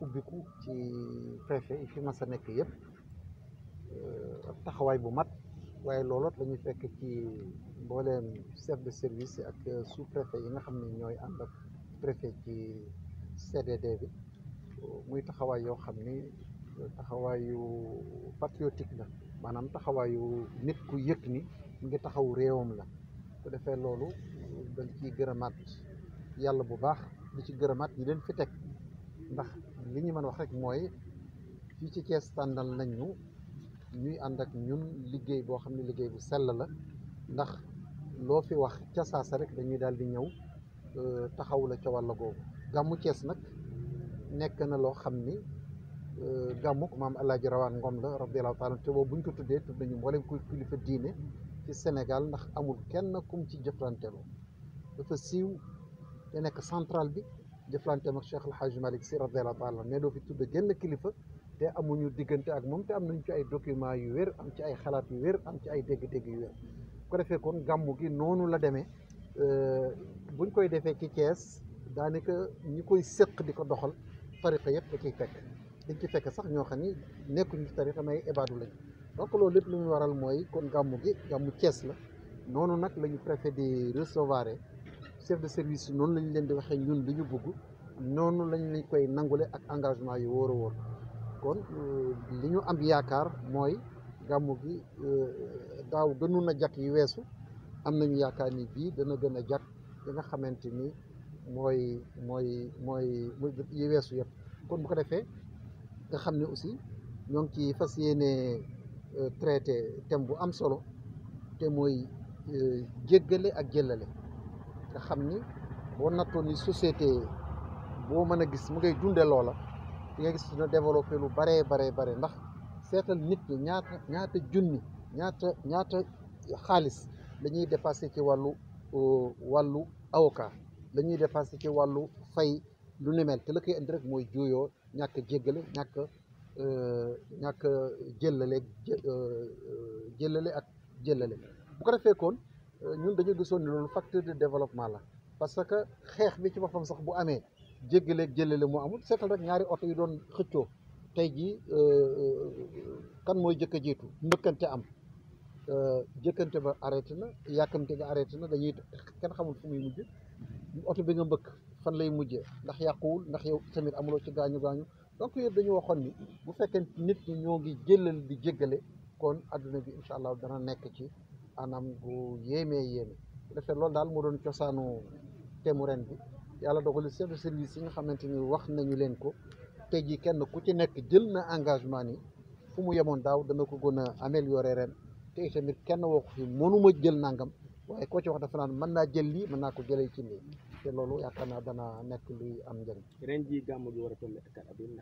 ubbiku ci préfet yi fi mas a nekk yëpp ak euh, taxawaay bu mat waaye looloot la fekk ci mbooleem chef de service ak sous-préfet yi nga xam ne ñooy ànd ak préfet ci CDD bi muy taxawaay yoo xam ni taxawaayu patriotique la maanaam taxawaayu nit ku yëg ni mu ngi taxaw réewam la ku defee loolu dañ ciy gërëmaat yàlla bu baax di ci gërëmaat ñi leen fi teg ndax li ñu mën wax rek mooy fii ci Thiès tànnal nañ ñu ñuy ànd ak ñun liggéey boo xam ne liggéey bu sell la ndax loo fi wax ca saasa rek dañuy daal di ñëw euh, taxaw la ca wàll googu gàmmu Cees nag nekk na loo xam ni euh, gàmmu maam Alaaji Rawaan Ngom la radiyallaahu taala te boobu buñ ko tuddee tudd nañu mboolem kuy kilifa diine ci Sénégal ndax amul kenn kum ci jëflanteelu dafa siiw te nekk central bi jëflanteem ak Cheikh El Hadj Malick Sy radiyallaahu taala mais doo fi tudd génn kilifa te amuñu diggante ak moom te am nañu ci ay document yu wér am ci ay xalaat yu wér am ci ay dégg-dégg yu wér bu ko defee koon gàmmu gi noonu la demee euh, buñ koy defee ci Thiès daanaka ñi koy séq di ko doxal tariqa yëpp da ciy fekk dañ ci fekk sax ñoo xam ni nekkuñu ci tariqa may ébaadu lañu donc loolu lépp lu ñu waral mooy kon gàmmu gi gàmmu Thiès la noonu nag la ñu préfet di recevoir chef de service noonu lañ leen di waxee ñun li bugg noonu lañ lañ koy nangule ak engagement yu wóor a kon euh, li ñu am yaakaar mooy gàmmu gi euh, daaw gënu na jàkk yi weesu am nañu yaakaar ni bii dana gën a jàkk li nga xamante ni mooy mooy mooy yi weesu yëpp kon bu ko defee nga xam ne aussi ñoo ngi ci fas yéene euh, traité thème bu am solo te mooy jéggale ak jëllale nga xam ni boo nattoon ni société boo mën a gis mu ngay dunde loola di nga gis dina développé lu baree baree bare ndax seetal nit ñi ñaata ñaata junni ñaata ñaata xaalis la ñuy ci wàllu euh, wàllu avocat lañuy ñuy ci wàllu fay lu ni mel te la koy indi rek mooy juuyoo ñàkk a jéggale ñàkk euh, ñàkk a jëllale euh, jëllale ak jëllale bu ko defee kon ñun dañu gisoon loolu facteur de développement la parce que xeex bi ci boppam sax bu amee jéggaleeg jëlale mu amul seetal rek ñaari oto yi doon xëccoo tey jii euh, euh, kan mooy jëkk a jiitu mbëkkante am euh, jëkkante ba arrêté na yàkkamte ga arrêté na dañuy kenn xamul fu muy mujj oto bi nga mbëkk fan lay mujjee ndax yàquwul ndax yow tamit amuloo ci gaañu gaañu donc yëpp dañu waxoon ni bu fekkee nit ñi ñoo ngi jëlal di jéggale kon adduna bi incha allah dana nekk ci anam bu yéemee yéeme bu defee loolu daal moo doon cosaanu temu ren bi yàlla dogalu chef de service yi nga xamante ni wax nañu leen ko tey jii kenn ku ci nekk jël na engagement ni fu mu yemoon daaw dana ko gën a améliorer ren te tamit kenn waxu fi mënuma jël nangam waaye koo ci wax dafa naan mën naa jël lii mën naa ko jëlee ci lii te loolu yaakaar naa dana nekk luy am njëriñ. ren jii gàmm gi war a toll ak avril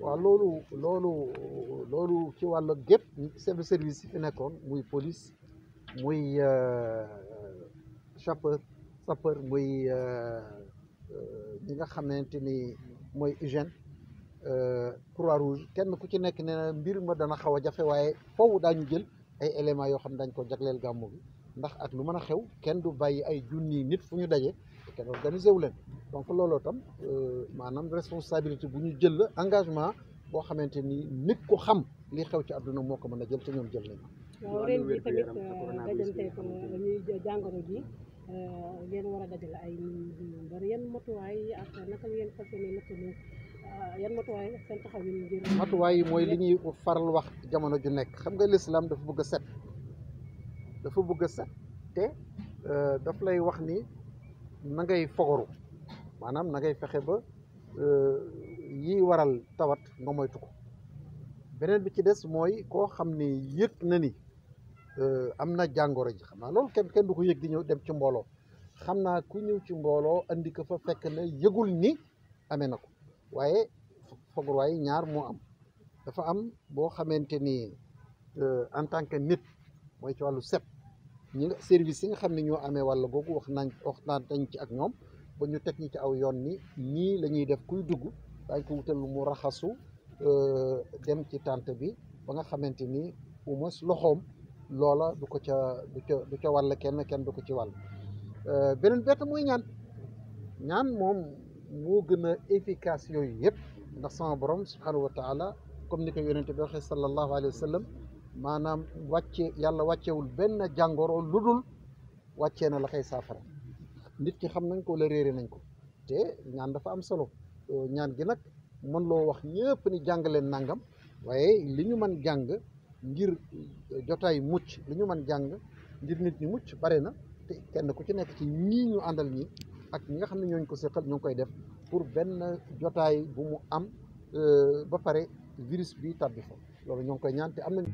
waaw loolu loolu loolu ci wàllu gépp chef service yi fi nekkoon muy police muy sapeur. Euh, sapeur muy euh, euh, ñi nga xamante ni mooy hygiène euh, croix rouge kenn ku ci nekk ne na mbir ma dana xaw a jafe waaye foofu daañu jël ay éléments yoo xam dañ ko jagleel gàmmu bi ndax ak lu mën a xew kenn du bàyyi ay junni nit fu ñu daje kenn organisé wu leen donc looloo tam maanaam responsabilité bu ñu jël la engagement boo xamante ni nit ku xam li xew ci àdduna moo ko mën a jël te ñoom jël nañu. waaw ngeen euh, war a dajale ay millions bari euh, matuwaay yi mooy li ñuy faral wax jamono ju nekk xam nga lislaam dafa bëgg set dafa bëgg a set te euh, daf lay wax ni na ngay maanaam nangay fexe ba yi waral tawat nga moytu ko beneen bi ci des mooy koo xam ni yëg na ni. Euh, am na jàngoro ji xam naa kenn kenn du di ñëw dem ci mbooloo xam naa ku ñëw ci mbooloo andi ko fa fekk na yëgul ni amee na ko waaye fogarwaay ñaar moo am dafa am boo xamante ni euh, en tant nit mooy ci wàllu set ñi nga service yi nga xam ne ñu amee wàll googu wax nañ wax nañ ci ak ñoom ba ñu teg ñi ci aw yoon ni nii la def kuy dugg daañ ko wutal mu raxasu euh, dem ci tànt bi ba nga xamante ni au moins loxoom loola du ko ca du ca du ca kenn kenn du ko ci wàll euh, beneen bett mooy ñaan ñaan moom moo gën a efficace yooyu yëpp ndax sama borom subhanahu wa taala comme ni ko yonent bi waxee sallallahu alayhi wa sallam maanaam wàcce yàlla wàccewul benn jàngoro lu dul wàccee na la koy saafara nit ki xam nañ ko la réere nañ ko te ñaan dafa am solo euh, ñaan gi nag mën loo wax ñëpp ni jàng leen nangam waaye li ñu mën jàng ngir eh, jotaay mucc li ñu mën jàng ngir nit ñi mucc bare na te kenn ku ci nekk ci ñii ñu àndal ñi ak ñi nga xam ne ñooñ ko seqal ñoo koy def pour benn jotaay bu mu am eh, ba pare virus bi tàbbi foofu loolu ñoo ngi koy ñaan te am nañ